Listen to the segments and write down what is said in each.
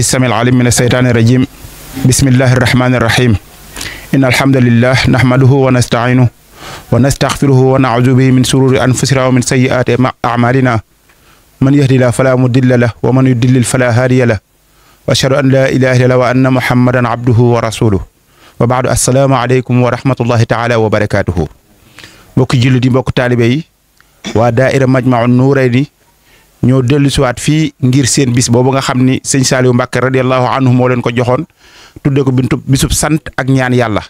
billahi samil alim min asheytaani irajim bismillahi irrahmani irrahim in alhamdulillah nahmaduhu wa nastainuhu wa nastaxfiruhu wa naudu bihi min sururi anfusina wa min sayiaati acmalina man yahdillah fala mudilla lah wa man yudillil fala haadiya lah wa ashhadu an laa ilaha illallah wa anna muhammadan abduhu wa rasuluhu wa baadu assalaamu aleykum wa rahmatullahi taala wa barakatuhu mbokki jullit yi mbokk taalibe yi waa daaira Majmahun Nurayni ñoo dellu siwaat fii ngir seen bis boobu nga xam ni sëñ Saliou Mbacke radiallahu anhu moo leen ko joxoon tudde ko bintu bisub sant ak ñaan yàlla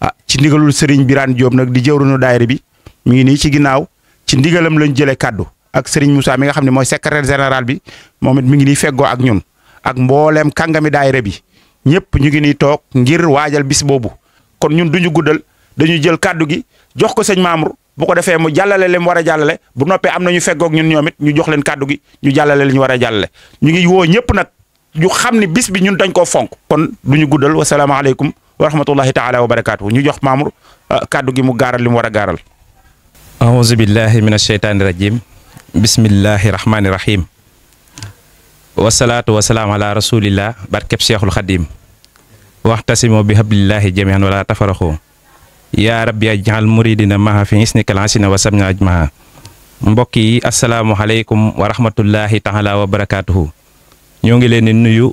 ah ci ndigalul Serigne Birane Diop nag di jëwrunu daayira bi mi ngi nii ci ginnaaw ci ndigalam lañ jëlee kàddu ak Serigne Moussa mi nga xam ne mooy secrétaire général bi moom it mi ngi nii feggoo ak ñun ak mbooleem kàngami daayira bi ñëpp ñu ngi ni toog ngir waajal bis boobu kon ñun duñu guddal dañu jël kàddu gi jox ko sëñ Mamour bu ko defee mu jàllale li mu war a jàllale bu noppee am na ñu feggoog ñun ñoomit ñu jox leen kàddu gi ñu jàllale li ñu war a jàllale ñu ngi woo ñëpp nag ñu xam ne bis bi ñun dañ koo fonk. kon du ñu guddal wasalaamaaleykum wa rahmatullahi taala wa barakaatu ñu jox Mamour euh, kàddu gi mu gaaral li mu war a gaaral. auzu billahi mina shaytaani rajim bismillahi rahmaani rahim. wasalaatu wasalaam ala rasulillah barkeb cheikhul xadim waxtasimo bi hablillahi jamian yaa rabbi ajal muridina maha fi isnikal asina wa samna ajmaha mbokk yi asalaamualeykum wa rahmatullahi taala wa barakaatuhu ñoo ngi leen di nuyu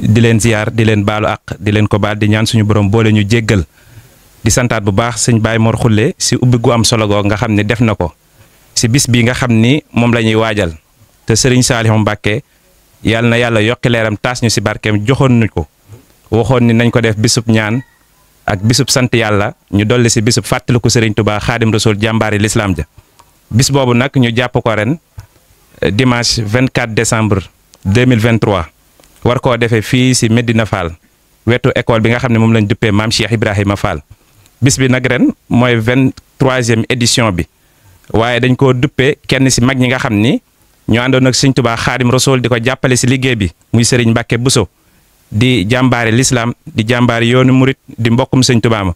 di leen ziyaar di leen baalu ak di leen ko baal di ñaan suñu borom boole ñu jéggal di santaat bu baax sëñ baay Mor Xulle si ubbi gu am solo goo nga xam ne def na ko si bis bi nga xam ni moom la ñuy waajal te sëriñ Saalihu Mbàkke yàlla na yàlla yokki leeram taas ñu si barkeem joxoon nañ ko waxoon ni nañ ko def bisub ñaan ak bisub sant yàlla ñu dolli si bisub fàttaliku Serigne Touba xaadim rasul jàmbaari lislaam ja bis boobu nag ñu jàpp ko ren eh, dimanche 24 décembre 2023 war koo defee fii si Medina Fall wetu école bi nga xam ne moom lañ duppee maam Cheikh Ibrahima Fall bis bi nag ren mooy 23e édition bi waaye dañ ko duppee kenn si mag ñi nga xam ni ñoo àndoon ak Serigne tubaa xaadim rasul di ko jàppale si liggéey bi muy Serigne Mbacke Bousso. di jàmbaari lislaam di jàmbaari yoonu murit di mbokkum sëñ Tuubaa ma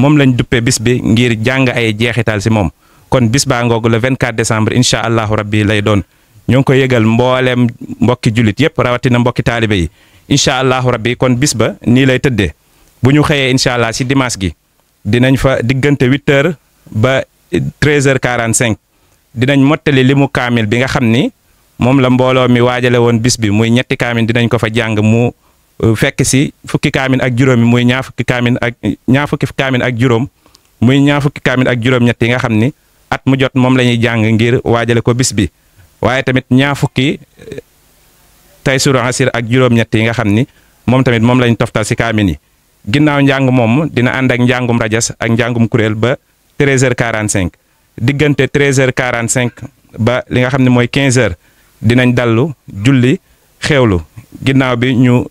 moom lañ duppee bis bi ngir jàng ay jeexital si moom kon bis baa ngoog le 24 décembre incha allahu rabbi lay doon ñoo ngi koy yëgal mboolem mbokki julit yëpp rawatina mbokki taalibe yi incha allahu rabbi kon bis ba nii lay tëddee bu ñu xëyee incha allah si dimanche gi dinañ fa diggante 8 heures ba 13 heures 45 dinañ mottali limu kaamil bi nga xam ni moom la mbooloo mi waajale woon bis bi muy ñetti kaamil dinañ ko fa jàng mu. Euh, fekk si fukki kaamin ak juróom yi muy ñaa fukki kaamin ak ñaar fukki kaamin ak juróom muy ñaar fukki kaamin ak juróom-ñett nga xam ni at mu jot moom la ñuy jàng ngir waajale ko bis bi waaye tamit ñaar fukki eh, tay suru asir ak juróom-ñett yi nga xam ni moom tamit moom lañ toftal si kaamin yi ginnaaw njàng moom dina ànd ak njàngum rajas ak njàngum kuréel ba 13 quarant cinq diggante 13 h cinq ba li nga xam ne mooy 15h dinañ dallu julli xewlu ginnaaw bi ñu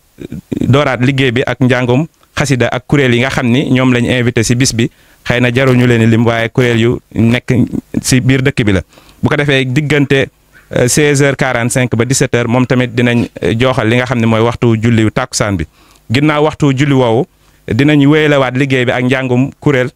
dooraat liggéey bi ak njàngum xasida ak kuréel yi nga xam ni ñoom lañ invité si bis bi xëy na jaruñu leen lim waaye kuréel yu nekk si biir dëkk bi la bu ko defee diggante 16h45 euh, ba 17h moom tamit dinañ euh, jooxal li nga xam ne mooy waxtu julli tàkkusaan bi ginnaaw waxtu julli woowu dinañ wéyalewaat liggéey bi ak njàngum kuréel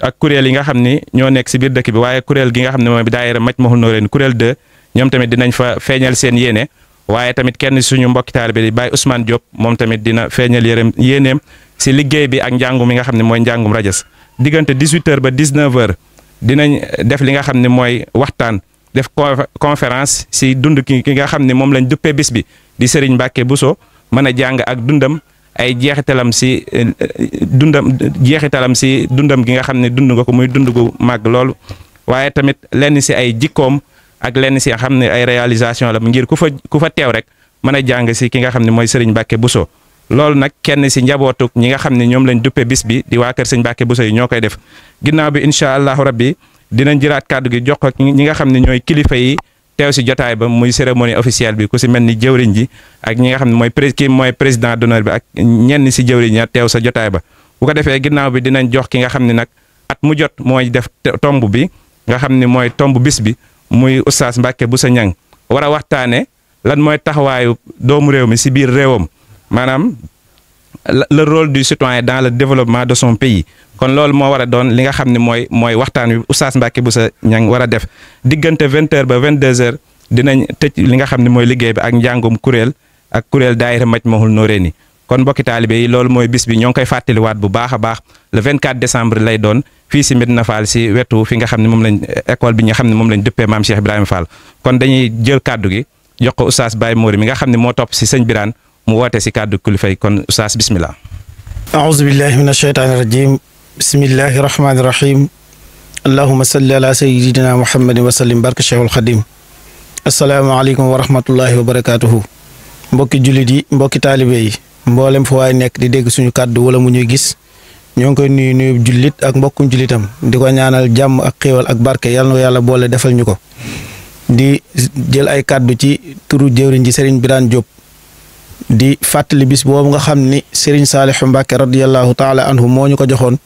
ak kuréel yi nga xam ni ñoo nekk si biir dëkk bi waaye kuréel gi nga xam ne mooy daayira Majmahun Nurayni kuréel 2 ñoom tamit dinañ fa feeñal seen yéene waaye tamit kenn suñu mbokki taalibe di Baye Ousmane Diop moom tamit dina feeñal yéreem yéeneem si liggéey bi ak njàngum mi nga xam ne mooy njàngum rajas diggante 18h ba 19h dinañ def li nga xam ne mooy waxtaan def conférence si dund ki ki nga xam ne moom lañ duppee bis bi di Serigne Mbacke Bousso mën a jàng ak dundam ay jeexitalam si dundam jeexitalam si dundam gi nga xam ne dund nga ko muy dund gu màgg loolu waaye tamit lenn si ay jikkoom. ak lenn si xam ne ay réalisation la ngir ku fa ku fa teew rek mën a jàng si ki nga xam ne mooy Serigne Mbacke Bousso loolu nag kenn si njabootuk ñi nga xam ne ñoom lañ duppe bis bi di waa kër Serigne Mbacke Bousso ñoo koy def ginnaaw bi incha allahu rabbi dinañ jëlaat kàddu gi jox ko ñi nga xam ne ñooy kilifa yi teew si jotaay ba muy cérémonie officielle bi ku si mel ni jëwriñ ji ak ñi nga xam ne mooy pré kii mooy président d'honneur bi ak ñenn si jëwriñ ya teew sa jotaay ba bu ko defee ginnaaw bi dinañ jox ki nga xam ne nag at mu jot mooy def tomb bi nga xam ne mooy tomb bis bi muy oustaz Mbacke Boussa Niang war a waxtaane lan mooy taxawaayu doomu réew mi si biir réewam maanaam le role du citoyen dans le développement de son pays kon loolu moo war a doon li nga xam ne mooy mooy waxtaan wi oustaz Mbacke Boussa Niang war a def diggante vingt heures ba vingt deux heures dinañ tëj li nga xam ne mooy liggéey bi ak njàngum kuréel ak kuréel daayira Majmahun Nurayni kon mbokki taalibe yi loolu mooy bis bi ñoo ngi koy fàttaliwaat bu baax a baax le 24 décembre lay doon fii si Medina Fall si wetu fi nga xam ne moom lañ école bi nga xam ne moom lañ dëppee maam Cheikh Ibrahima Fall kon dañuy jël kàddu gi jox ko oustaz Baye Mori mi nga xam ne moo topp si sëñ Birane mu woote si kàddu kulifay kon oustaz bismillah aouzu billahi min asheytaani rajim bismillahi rahmaani rahim allahuma salli ala sayidina muhammadin wa sallim barka cheikhul xadim asalaamaaleykum wa rahmatullahi wa barakatuhu mbokki jullit yi mbokki taalibe yi mbooleem fu waay nekk di dégg suñu kàddu wala mu ñuy gis ñoo ngi koy nuyu nuyu jullit ak mbokkum jullitam di ko ñaanal jàmm ak xéewal ak barke yàlla na ko yàlla boole defal ñu ko di jël ay kàddu ci turu jëwriñ ji Serigne Birane Diop di fàttali boobu nga xam ni Serigne Saliou Mbacke radiyallahu taala anhu moo ñu ko joxoon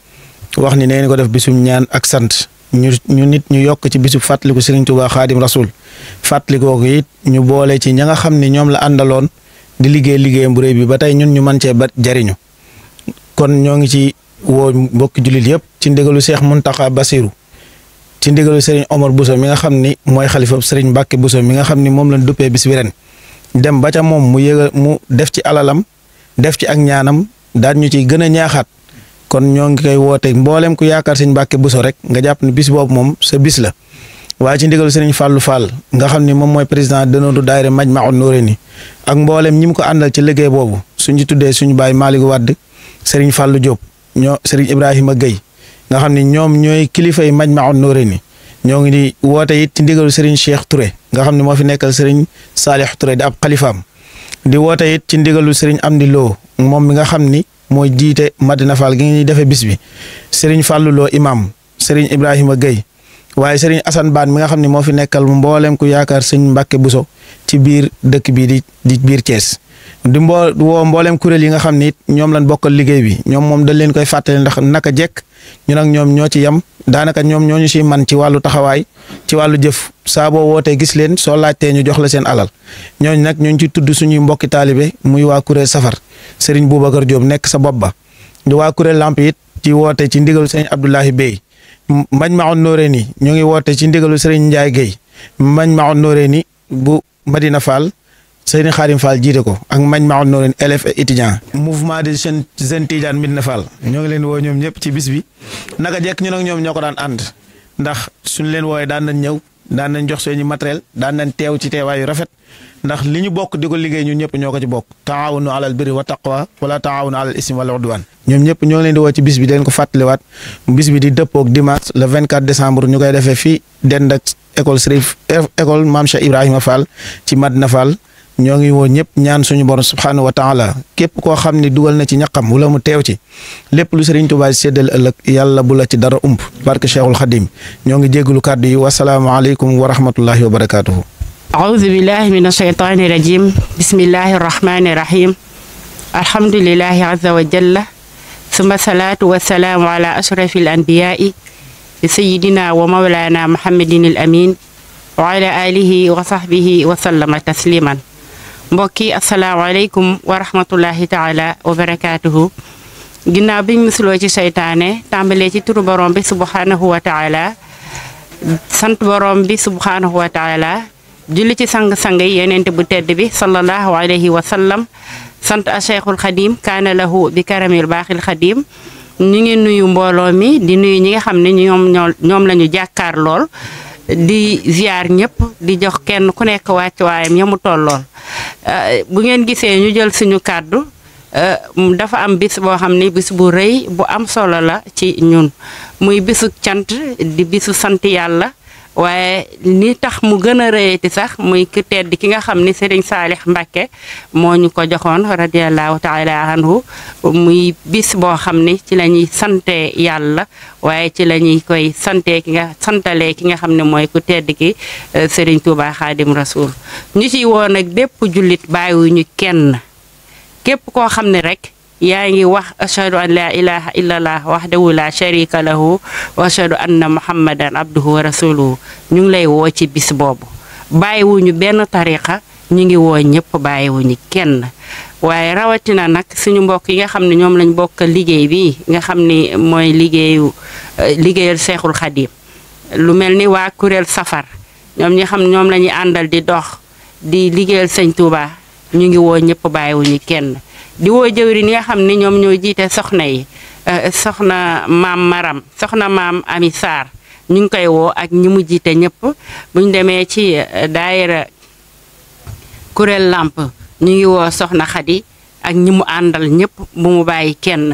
wax ni nee ko def bisum ñaan ak sant ñu ñu nit ñu yokk ci bisub fàttaliku Serigne Touba Khadim Rasoul fàttalikoo ko it ñu boole ci ña nga xam ni ñoom la àndaloon. di liggéey liggéeyam bu réy bi ba tey ñun ñu mën cee ba jariñu kon ñoo ngi ci woo mbokki jullit yëpp ci ndigalu Cheikh Mountakha Bassirou ci ndigalu Serigne omor Bousso mi nga xam ni mooy xalifa Serigne Mbacke Bousso mi nga xam ni moom lañ duppee bis bi ren dem ba ca moom mu yëgal mu def ci alalam def ci ak ñaanam daan ñu ciy gën a ñaaxaat kon ñoo ngi koy woote mboolem ku yaakaar Serigne mbàkke Bousso rek nga jàpp ne bis boobu moom sa bis la. waaye ci ndigalu sëriñ Fallou Fall nga xam ni moom mooy président dënoodu daayira Majmahun Nurayni ak mboolem ñi mu ko àndal ci liggéey boobu suñu tuddee suñu baay Malick Wade sëriñ Fallou Diop ñoo sëriñ Ibrahima Guèye nga xam ni ñoom ñooy kilifa yi Majmahun Nurayni ñoo ngi di woote it ci ndigalu sëriñ Cheikh ture nga xam ne moo fi nekkal sëriñ Salih Touré di ab xalifaam di woote it ci ndigalu sëriñ Amdi Lo moom mi nga xam ni mooy jiite Madina gi ngi ñuy defee bis bi sëriñ Fallou Lo imam sëriñ Ibrahima Guèye waaye sëriñ Assane Baan mi nga xam ne moo fi nekkal mboolem ku yaakaar sëñ bu Buso ci biir dëkk bii di di biir Thiès di mboo woo mboolem kuréel yi nga xam ni it ñoom lañ bokkal liggéey bi ñoom moom dañ leen koy fàttali ndax naka jekk ñu nag ñoom ñoo ci yem daanaka ñoom ñoo ñu siy man ci wàllu taxawaay ci wàllu jëf saa boo wootee gis leen soo laajtee ñu jox la seen alal ñooñu nag ñooñu ci tudd suñuy mbokki taalibe muy waa kuréel safar sëriñ Boubacar Diop nekk sa bopp ba waa kuréel lamp it ci woote ci ndigal sëriñ Abdoulahi Bey Majmahun Noreyni ñoo ngi woote ci ndigalu Serigne Ndiaye Guèye Majmahun Noreyni bu Madina Fall seeni Xaarim Fall jiite ko ak Majmahun Noreyni élèves et étudiants. mouvement des seen jeunes Tidiane Medina Fall ñoo ngi leen woo ñoom ñëpp ci bis bi naka jekk ñun ak ñoom ñoo ko daan ànd ndax suñ leen woowee daan nañ ñëw. daan nañ jox seeni matériel daan nañ teew ci teewaay yu rafet ndax li ñu bokk di ko liggéey ñun ñëpp ñoo ko ci bokk taawunu alal birri wa taqwa wala taawunu alal ismi wala udwan ñoom ñëpp ñoo leen di woo ci bis bi di leen ko fàttaliwaat bis bi di dëppoog dimanche le 24 décembre ñu koy defee fii den ak école Sërif école Maam Cheikh Ibrahima Fall ci Madina Fall ñoo ngi woo ñëpp ñaan suñu borom subxanahu wa taala képp koo xam ne dugal na ci ñaqam wala mu teew ci lépp lu Serigne Touba séddal ëllëg yàlla la ci dara ump barke Cheikhul Khadim ñoo ngi jégalu kàddu yi wasalaamualeykum wa rahmatullahi wa barakaatuhu. auzu billahi mina shaytaani rajim bismillahi rahmaani rahim alhamdulillahi azza wa jalla suma salaatu wa salaamu ala ashrafil anbiyaai sayidina wa mawlaana muhammadin mbokk yi asalaamaaleykum wa rahmatullahi taala wa barakaatuhu ginnaaw biñ musuloo ci seytaane tàmbalee ci turu borom bi subhaanahu wa taala sant borom bi subhaanahu wa taala julli ci sang-sang yi yeneente bu tedd bi sallallahu alayhi wa sallam sant a cheikhul kaana lahu bi karamil baaxil xadim ñu ngi nuyu mbooloo mi di nuyu ñi nga xam ne ñoom ñoom la jàkkaar lool di ziar ñëpp di jox kenn ku nekk wàccuwaayam ya mu tollool euh, bu ngeen gisee ñu jël suñu kàddu euh, dafa am bis boo xam ne bis bu rëy bu am solo la ci ñun muy bisu cant di bisu sant yàlla waaye li tax mu gën a rëyati sax muy ki tedd ki nga xam ni Serigne Saalix mbàkke moo ñu ko joxoon radiallahu taala anhu muy bis boo xam ni ci la ñuy sante yàlla waaye ci la ñuy koy sante ki nga santale ki nga xam ne mooy ku tedd ki euh, Serigne Touba Xaadim Rasoul ñu ciy woon ak bépp jullit bàyyiwuñu kenn képp koo xam ne rekk yaa ngi wax ashhadu an laa wax illallah wahdahu la sharika lahu wa ashhadu anna muhammadan abduhu wa rasuluhu ñu ngi lay woo ci bis boobu bàyyiwuñu benn tariqa ñu ngi woo ñëpp bàyyiwuñu kenn waaye rawatina nag suñu mbokk yi nga xam ne ñoom lañ bokk liggéey bi nga xam ni mooy liggéeyu eh, liggéeyal seexul xadim lu mel ni waa kuréel safar ñoom ñi xam ñoom lañuy àndal di dox di liggéeyal sëñ Tuuba ñu ngi woo ñëpp bàyyiwuñu kenn di woo jëwriñ yi nga xam ni ñoom ñoo jiite soxna yi eh, soxna maam Maram soxna maam Ami Sarr ñu ngi koy woo ak ñi mu jiite ñëpp bu ñu demee ci eh, daayira kuréel làmp ñu ngi woo soxna Xadi ak ñi mu àndal ñëpp bu mu bàyyi kenn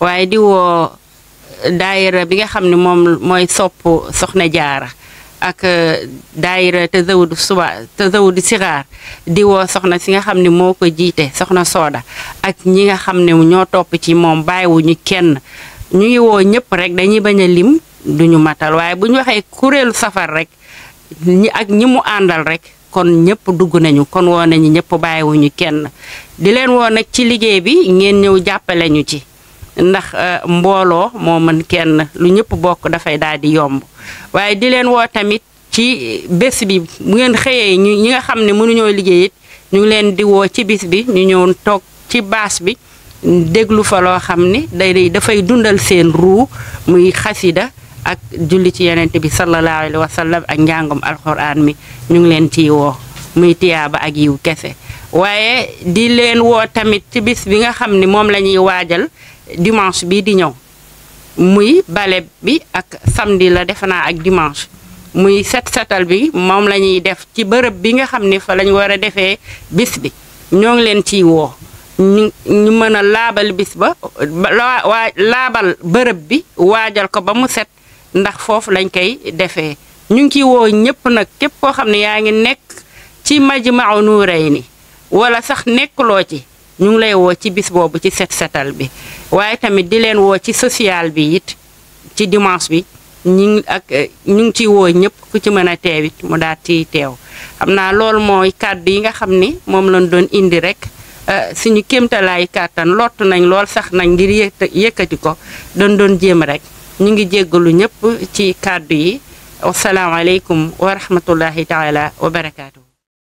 waaye di woo eh, daayira bi nga xam ne moom mooy sopp soxna jaara ak euh, daayira tazawudu suba tazawudu sigaar di diwoo soxna si nga xam ne moo ko jiite soxna sooda ak ñi nga xam ne ñoo topp ci moom bàyyiwuñu kenn ñu ngi woo ñëpp rek dañuy bañ a lim duñu matal waaye bu ñu waxee kuréelu safar rek ñi ak ñi mu àndal rek kon ñëpp dugg nañu kon woo nañu ñëpp bàyyiwuñu kenn di leen woo nag ci liggéey bi ngeen ñëw jàppale ñu ci ndax euh, mbooloo moo mën kenn lu ñëpp bokk dafay daal di yomb waaye di leen woo tamit ci bés bi bu ngeen xëyee ñu ñi nga xam ne mënuñoo liggéey ñu ngi leen di woo ci bis bi ñu ñëw toog ci baas bi déglu fa loo xam ni day dafay dundal seen ruu muy xasida ak julli ci yenente bi sallallahu alayhi ak njàngum alxuraan mi ñu ngi leen ciy woo muy tiyaaba ak yiw kese waaye di leen woo tamit ci bis bi nga xam ni moom lañuy waajal dimanche bi di ñëw muy bale bi ak samedi la defe naa ak dimanche muy set setal bi moom la ñuy def ci bërëb bi nga xam ni fa lañ war a defee bis bi ñoo ngi leen ciy woo ñu ñu mën a laabal bis ba laabal bërëb bi waajal ko ba mu set ndax foofu lañ koy defee ñu ngi ciy woo ñépp nag képp koo xam ne yaa ngi nekk ci Majmahun Nurayni walla sax nekkuloo ci ñu ngi lay woo ci bis boobu ci set setal bi waaye tamit di leen woo ci social bi it ci dimanche bi ñu ngi ak eh, ñu ngi ciy woo ñëpp ku ci mën a teew it mu daal ciy teew xam naa lool mooy kàddu yi nga xam ni moom lañ doon indi rek eh, suñu kéemtalaayu kàttan lott nañ lool sax nañ ngir yëkkati ko doon doon jéem rek ñu ngi jéggalu ñëpp ci kàddu yi wasalaamaaleykum wa rahmatullahi taala wa barakaatu.